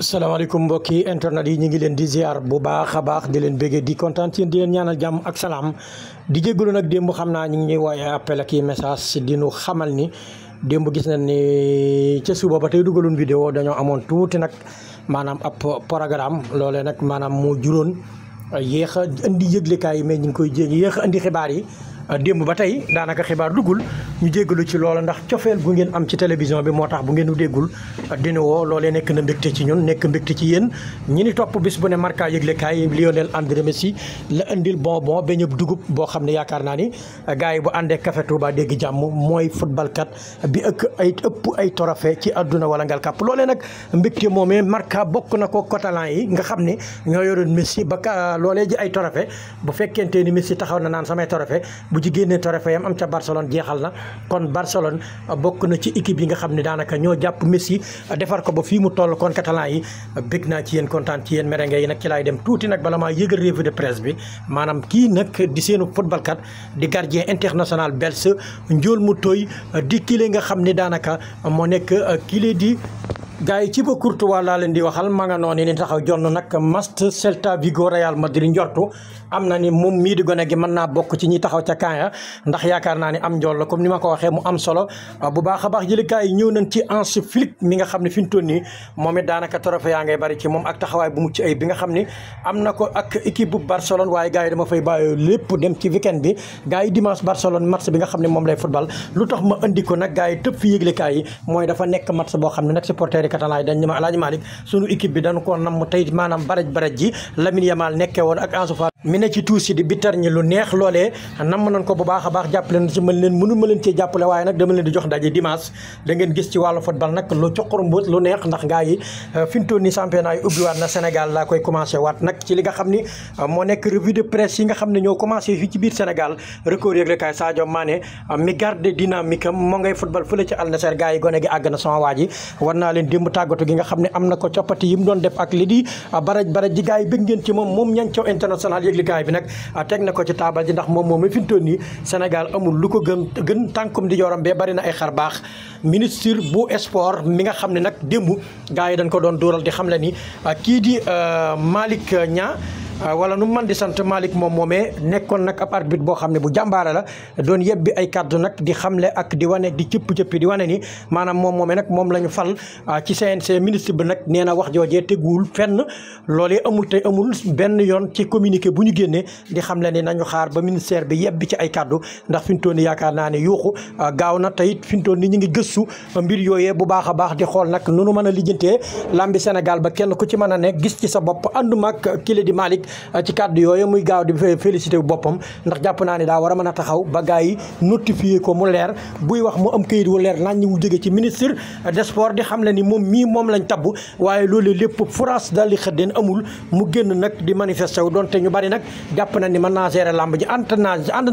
salaamaaleykum mbokki internet yi ñu ngi leen di ziar bu baax a baax di leen béggee di kontaan ci di leen ñaanal jàmm ak salaam di jéggalu nag démb xam naa ñu ngi ñuy wooye appel i message di nu xamal ni démb gis nañ ni ca suba ba tey dugaloon vidéo dañoo amoon tuuti nag maanaam ab programme loolee nag maanaam moo juróon yéex a indi yëglekaay yi mais ñu ngi koy jéeg yéex indi xibaar yi démb ba tey daanaka xibaar duggul ñu jéggalu ci loola ndax cofeel gu ngeen am ci télévision bi moo tax bu ngeenu déggul dina woo loolee nekk na mbégte ci ñun nekk mbégte ci yéen ñi ni topp bis bu ne Marca yëglekaay Lionel André Messi la indil bonbon beñu dugub boo xam ne yaakaar naa ni gars yi bu àndee Café Touba dégg jàmm mooy footballkat bi ëkk ay ëpp ay trophée ci àdduna walla ngal kàpp loolee nag mbégte moomee marka bokk na ko Catalan yi nga xam ne ñoo yoroon Messi ba loolee ay trophée bu fekkente ni Messi taxaw na naan samay trophée bu ci génnee am am ca Barcelone jeexal na kon Barcelone euh, bokk na ci équipe yi nga xam ne daanaka ñoo jàpp Messi euh, defar ko ba fii mu toll kon catalan yi euh, bég naa ci yéen kontaan ci yéen merengue yi nag ci laay dem tuuti nag bala maa yëgal revue de presse bi maanaam kii nag di seenu football kat di gardien international belge Ndiol Mutoy di kile nga xam ne daanaka moo nekk kile di gars yi ci ba Courtois laa leen di waxal ma nga noonu ni taxaw jonn nag mast Celta Vigo Real Madrid njortu am na ni moom mii di gone gi mën naa bokk ci ñi taxaw ca kaaya ndax yaakaar naa ni am njool la comme ni ma ko waxee mu am solo ah, bu baax a baax jëlikaay yi ñëw nañ ci Hansi Flick mi nga xam ne fi mu moom it daanaka trophée yaa ngay bari ci moom ak taxawaay bu mucc ay bi nga xam ni am na ko ak équipe bu Barcelone waaye gars yi a fay bàyyi lépp dem ne moom lay football lu tax ma indi ko nag gars yi tëb fi yëglekaay katalaay dañ ma alaaji Malick sunu équipe bi dañ koo namm tey maanaam baraj baraj ji Lamine Yamal nekkee woon ak Ansu Fati mi ne ci tuus yi di bitar ñi lu neex loolee namm nañ ko bu baax a baax jàppale na ci mën leen mënu ma leen cee jàppale waaye nag dama leen di jox ndaje dimanche da gis ci wàllu football nag lu coqaru mbuus lu neex ndax gaa yi euh, fintoon ni championnat yi ubbiwaat na Sénégal laa koy commencé waat nag ci li nga xam ni euh, moo nekk revue de presse yi nga démb tàggatu gi nga xam ne am na ko coppati yi mu doon def ak li di ah, baraj baraj ji gars yi bëgg ngeen ci moom moom ñancaw international yëglikaay bi nag ah, teg na ko ci taabal ji ndax moom moom mi fi mu toll nii Sénégal amul lu ko gën gën tànkum di yoram bee bari na ay xar baax ministre bu sport mi nga xam ne nag démb gars yi dañ ko doon dóoral di xam le ni ah, kii di Malick Niang wala euh, nu man di sant Malick moom moomee nekkoon nag ab arbitre boo xam ne bu jàmbaare la doon yebbi ay kàddu nag di xamle ak di wane di cëpp-cëppi di wane ni maanaam moom moomee nag moom la ñu fal euh, ci CNC ministre bi nag nee na wax joojee teguwul fenn loolee amul te amul benn yoon ci communiqué bu ñu génnee di xamle ni nañu xaar ba ministère bi yebbi ci ay kàddu ndax fi mu toll yaakaar naa ne yuuxu euh, gaaw na te it fi mu toll nii ñu ngi gëstu mbir yooye bu baax a baax di xool nag nu nu mën a lijjantee lambi Sénégal ba kenn ku ci mën a nekk gis ci sa bopp ànduma ak kii di Malick ci kàddu yooyu muy gaaw di félicité boppam ndax jàpp naa ne daa war a mën a taxaw ba gars yi notifié ko mu leer buy wax mu am këyit wu leer nañ wu jóge ci ministre des sports xam le ni moom mii moom lañ tabb waaye loolu lépp France daal di xëddeen amul mu génn nag di manifesté wu donte ñu bari nag jàpp na ni mën naa gérer làmb ji ànd naa ànd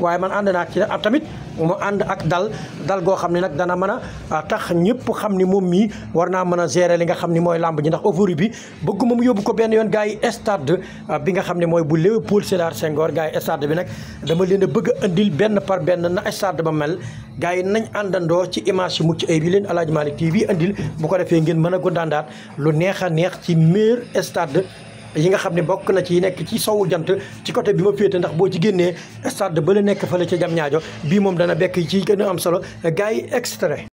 waaye man ànd naa ci tamit mu ànd ak dal dal goo xam ne nag dana mën a tax ñëpp xam ni moom mii war naa mën a gérer li nga xam ni mooy làmb ji ndax euphorie bi bëgguma mu yóbbu ko benn yoon gaa yi stade Euh, bi nga xam ne mooy bu Léopold Sédar Senghor gars yi stade bi nag dama leen a bëgg a indil benn par benn na stade ba mel gars yi nañ àndandoo ci image yi mucc ay bi leen Aladji Malick TV indil bu ko defee ngeen mën a gondaandaat lu neex a neex ci meilleur stade yi nga xam ne bokk na ci nekk ci sowu jant ci côté bi ma féete ndax boo ci stade ba la nekk la ca jam ñaajo bii moom dana bekk ci gën a am solo gars yi extrait